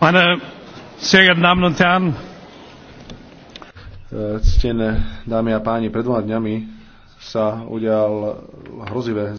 Meine sehr geehrten Damen und Herren, eh, Ctené dámy a páni, pred dvoma dňami sa udial hrozivé